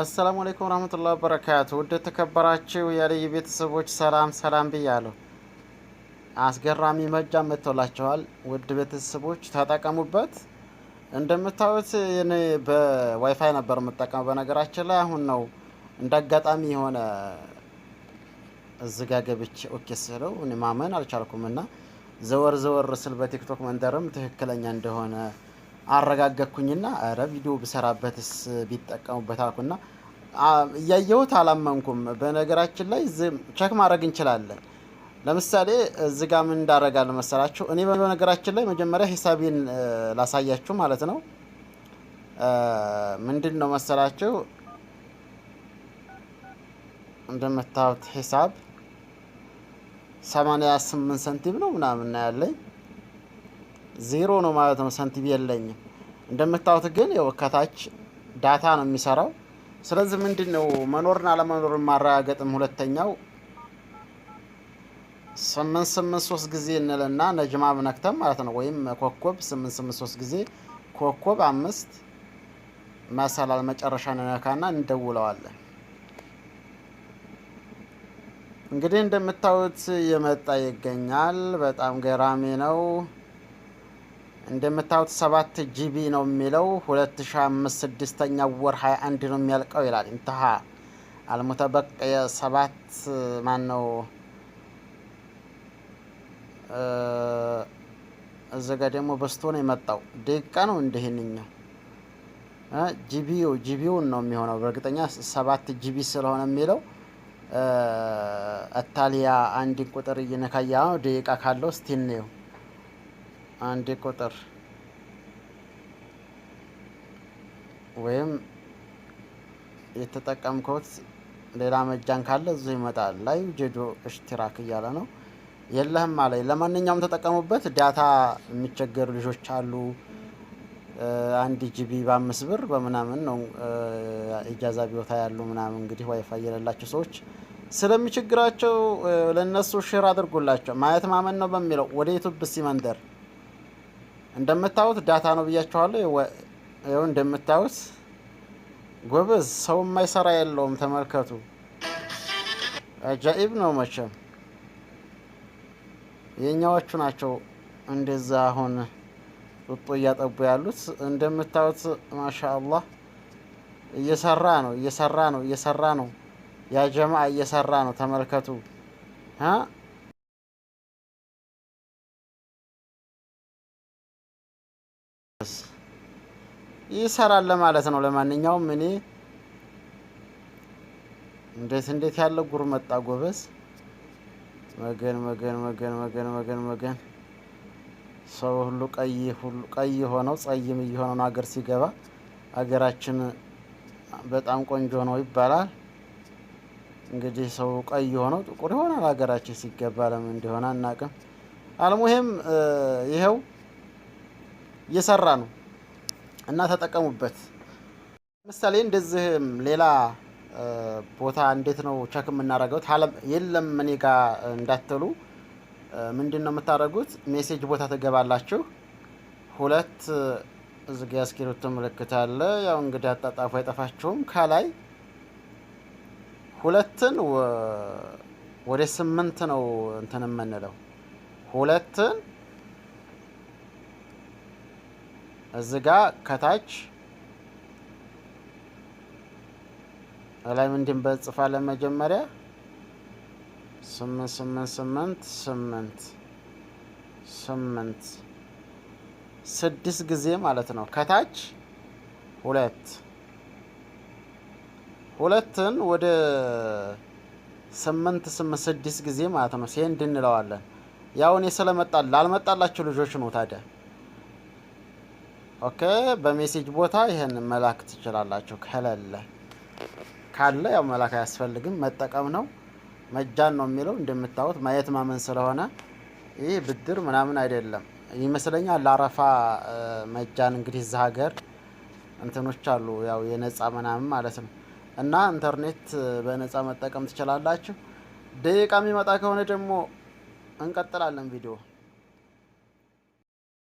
አሰላሙ አለይኩም ወራህመቱላሂ በረካቱ ውድ ተከበራችሁ የልዩ ቤተሰቦች ሰላም ሰላም ብያለሁ። አስገራሚ መጃ መጥቶላችኋል። ውድ ቤተሰቦች ተጠቀሙበት። እንደምታዩት እኔ በዋይፋይ ነበር የምጠቀመው በነገራችን ላይ አሁን ነው እንደ አጋጣሚ የሆነ እዝጋ ገብቼ ኦኬ ስለው እኔ ማመን አልቻልኩም እና ዘወር ዘወር ስል በቲክቶክ መንደርም ትክክለኛ እንደሆነ አረጋገጥኩኝና ኧረ ቪዲዮ ብሰራበትስ ቢጠቀሙበት አልኩና እያየሁት አላመንኩም። በነገራችን ላይ ቸክ ማድረግ እንችላለን። ለምሳሌ እዚህ ጋ ምን እንዳረጋለሁ መሰላችሁ? እኔ በነገራችን ላይ መጀመሪያ ሂሳቤን ላሳያችሁ ማለት ነው። ምንድን ነው መሰላችሁ እንደምታዩት ሂሳብ 88 ሰንቲም ነው ምናምን ያለኝ ዜሮ ነው ማለት ነው። ሰንቲም የለኝም። እንደምታዩት ግን ያው ከታች ዳታ ነው የሚሰራው። ስለዚህ ምንድን ነው መኖርና አለመኖርን ማረጋገጥም ሁለተኛው ስምንት ስምንት ሶስት ጊዜ እንልና ነጅማ ብነክተም ማለት ነው። ወይም ኮኮብ ስምንት ስምንት ሶስት ጊዜ ኮኮብ አምስት መሰላል መጨረሻ እንነካና እንደውለዋለን። እንግዲህ እንደምታዩት የመጣ ይገኛል። በጣም ገራሚ ነው። እንደምታዩት 7 ጂቢ ነው የሚለው 2005 ስድስተኛ ወር 21 ነው የሚያልቀው ይላል። እንትሀ አልሙተበቅ የሰባት ማን ነው እዚ ጋ ደግሞ በስቶ ነው የመጣው። ደቂቃ ነው እንደህንኛው ጂቢው ጂቢውን ነው የሚሆነው በእርግጠኛ ሰባት ጂቢ ስለሆነ የሚለው አታሊያ አንድን ቁጥር እየነካያ ነው ደቂቃ ካለው ስቲን ነው አንድ ቁጥር ወይም የተጠቀምከውት ሌላ መጃን ካለ እዙ ይመጣል። ላይ ጀዶ እሽትራክ እያለ ነው የለህም አለ። ለማንኛውም ተጠቀሙበት። ዳታ የሚቸገሩ ልጆች አሉ። አንድ ጂቢ በአምስት ብር በምናምን ነው ኢጃዛ ቢወታ ያሉ ምናምን እንግዲህ ዋይፋይ የሌላቸው ሰዎች ስለሚችግራቸው ለእነሱ ሽር አድርጉላቸው። ማየት ማመን ነው በሚለው ወደ ዩቱብ ሲመንደር እንደምታዩት ዳታ ነው ብያችኋለሁ። ይኸው እንደምታዩት ጎበዝ፣ ሰው የማይሰራ የለውም። ተመልከቱ። አጃኢብ ነው መቼም። የእኛዎቹ ናቸው እንደዛ አሁን ጡጦ እያጠቡ ያሉት እንደምታዩት። ማሻ አላህ እየሰራ ነው፣ እየሰራ ነው፣ እየሰራ ነው። ያ ጀማ እየሰራ ነው። ተመልከቱ። ይሰራል ለማለት ነው። ለማንኛውም እኔ እንዴት እንዴት ያለ ጉር መጣ ጎበዝ። መገን መገን መገን መገን መገን መገን ሰው ሁሉ ቀይ ሁሉ ቀይ ሆነው ጸይም እየሆነ ነው ሀገር ሲገባ። ሀገራችን በጣም ቆንጆ ነው ይባላል። እንግዲህ ሰው ቀይ ሆነው ጥቁር ይሆናል ሀገራችን ሲገባ። ለምን እንደሆነ አናቅም። አልሙሄም ይኸው እየሰራ ነው። እና ተጠቀሙበት። ለምሳሌ እንደዚህም ሌላ ቦታ እንዴት ነው ቸክ የምናደርገው? የለም እኔ ጋ እንዳትሉ ምንድን ነው የምታደርጉት? ሜሴጅ ቦታ ትገባላችሁ። ሁለት እዚጋ ያስኪሩት ምልክት አለ። ያው እንግዲህ አጣጣፉ አይጠፋችሁም። ከላይ ሁለትን ወደ ስምንት ነው እንትን የምንለው ሁለትን እዚጋ ጋ ከታች ላይ ምንድን በጽፋ ለመጀመሪያ ስምንት ስምንት ስምንት ስምንት ስምንት ስድስት ጊዜ ማለት ነው። ከታች ሁለት ሁለትን ወደ ስምንት ስምንት ስድስት ጊዜ ማለት ነው ሴንድ እንለዋለን። ያው እኔ ስለመጣል ላልመጣላችሁ ልጆች ነው ታዲያ ኦኬ በሜሴጅ ቦታ ይህን መላክ ትችላላችሁ። ከለለ ካለ ያው መላክ አያስፈልግም፣ መጠቀም ነው። መጃን ነው የሚለው እንደምታዩት ማየት ማመን ስለሆነ ይህ ብድር ምናምን አይደለም ይመስለኛል። ለአረፋ መጃን እንግዲህ እዛ ሀገር እንትኖች አሉ ያው የነጻ ምናምን ማለት ነው። እና ኢንተርኔት በነጻ መጠቀም ትችላላችሁ። ደቂቃ የሚመጣ ከሆነ ደግሞ እንቀጥላለን ቪዲዮ